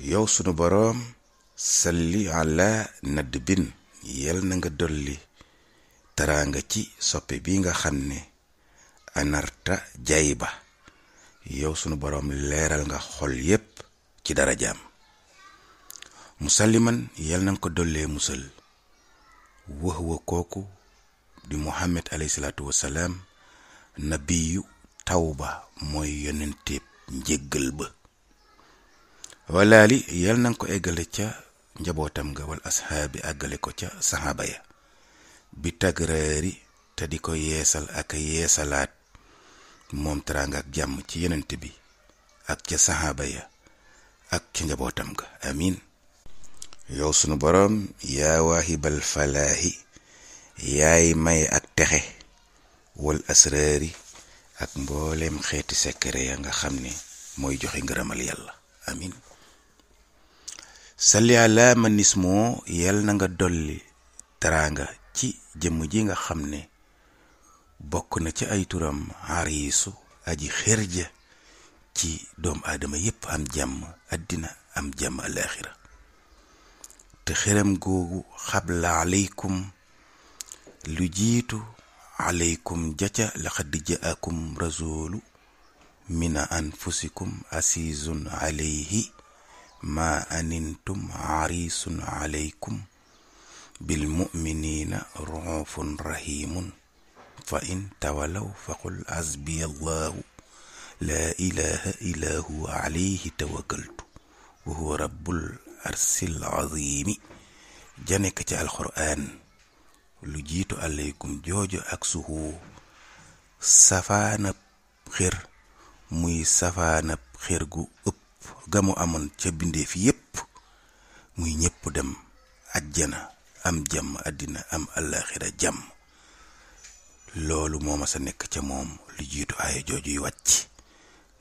yow sunu boroom salli ala nadd bin yal na nga dolli taraanga ci soppe bi nga xam ni anarta jay ba yow sunu boroom leeral nga xol yépp ci dara jaam musalliman yal na nga ko dollee musal wax kooku di muhammad alayhi salaatu wasalaam nabiyu tawba mooy yonenteeb njéggal ba walaali yal na ko eggale ca njabootam nga wal asxaabi àggale ko ca saxaaba ya bi tagraari te di ko yeesal ak yeesalaat moom teraanga ak jàmm ci yenent bi ak ca saxaaba ya ak ca njabootam nga amin yow sunu boroom yaa waahibal falaahi yaay may ak texe wal asraari ak mbooleem xeeti sekkere ya nga xam ne mooy joxe ngërëmal yàlla amin salli ala man yal na nga dolli teraanga ci jëmm ji nga xam ne bokk na ci ay turam ariisu aji xërja ci doom aadama yépp am jàmm àddina am jàmm alaaxira te xëram googu xabla aleykum lu jiitu aleykum jaca laqad jaakum rasuulu mina anfusikum asiizun aleyhi maa anintum xarisun aleykum bilmuminina ruufun rahimun fa in tawalaw faqul hasbiya allahu laa ilaha illa huwa alayhi tawakkaltu wa huwa rabbul arsil azimi ja nekk ci alxuraan lu jiitu aleykum joojo ak suhu safaanab xër muy safaanab xër gu ëpp gamu amoon ca bindeef yépp muy ñépp dem ajjana am jàmm àddina am àllaaxira jàmm loolu moo ma sa nekk ca moom lu jiitu aaya joojuy wàcc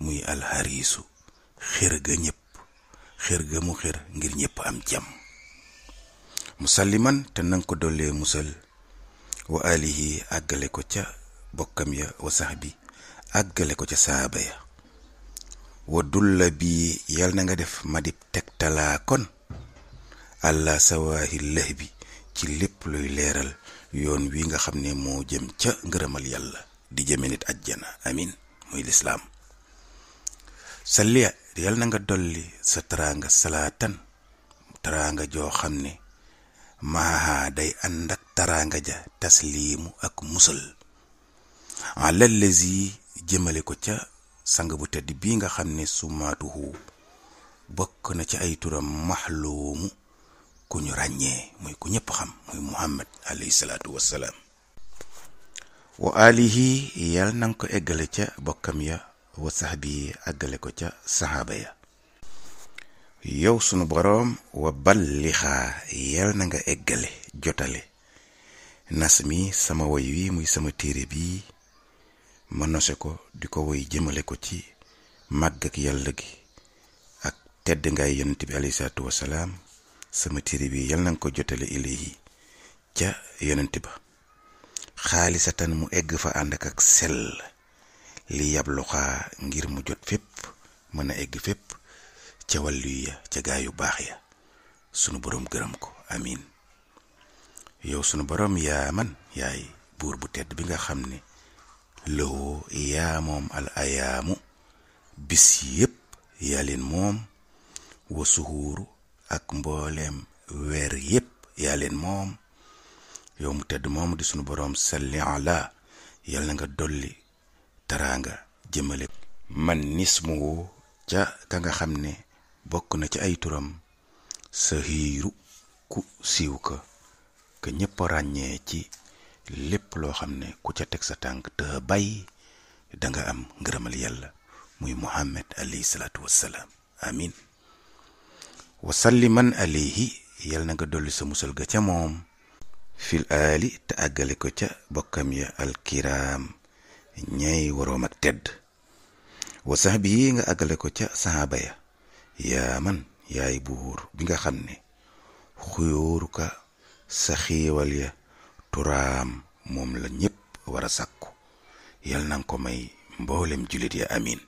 muy alxariisu xër ga ñépp xër ga mu xër ngir ñépp am jàmm musalliman te nanga ko dollee musal wa alihi àggale ko ca bokkam ya wa sax bi àggale ko ca saaba ya wa dulla bi yal na nga def madib tegtalaa kon àlla sawaahi lëh ci lépp luy leeral yoon wi nga xam ni moo jëm ca ngërëmal yàlla di jëme nit ajjana amin muy lislaam salliya yal na nga dolli sa taraanga salaatan taraanga joo xam ne maaha day ànd ak taraanga ja tasliimu ak musal alallazi jëmale ko ca sang bu tedd bii nga xam ne sumaatuhu bokk na ci ay turam maxloomu ku ñu ràññee muy ku ñëpp xam muy muhammad alayhi salaatu wassalaam wa ko eggale ca bokkam ya wa sahbi àggale ko ca saxaaba ya yow sunu boroom wa ballixaa yal na nga eggale jotale nas mi sama woy wi muy sama téere bii ma nose ko di ko woy jëmale ko ci màgg ak yàlla gi ak tedd ngaay yonent bi alayhi salaatu wasalaam sama téere bi yal na nga ko jotale ilahi ca yonent ba xaalisatan mu egg fa ànd ak ak sell li yab luxaa ngir mu jot fépp mën a egg fépp ca wàllu ya ca gaa yu baax ya sunu boroom gërëm ko amiin yow sunu boroom yaa man yaay buur bu tedd bi nga xam ne lëwoo yaa moom al ayaamu bis yépp yalin moom wa suhuuru ak mbooleem weer yépp yalin moom yow mu tedd moom di sunu boroom salli ala yal na nga dolli taraanga jëmale man ni nismuhu ca ka nga xam ne bokk na ci ay turam sahiiru ku siiw ko ka ñépp ràññee ci lépp loo xam ne ku ca teg sa tànk te bàyyi da nga am ngërëmal yàlla muy muhammad alayhi salaatu wassalaam amin wasalli man alayhi yàlla na nga dolli sa musal ga ca moom fil aali te àggale ko ca bokkam ya alkiraam ñay waroom ak tedd wa sahbi yi nga àggale ko ca sahaaba ya yaa man yaay buur bi nga xam ne xuyóoruka sa xiiwal ya sukuraam moom la ñépp war a sàkku yal na ko may mboolem jullit ya amiin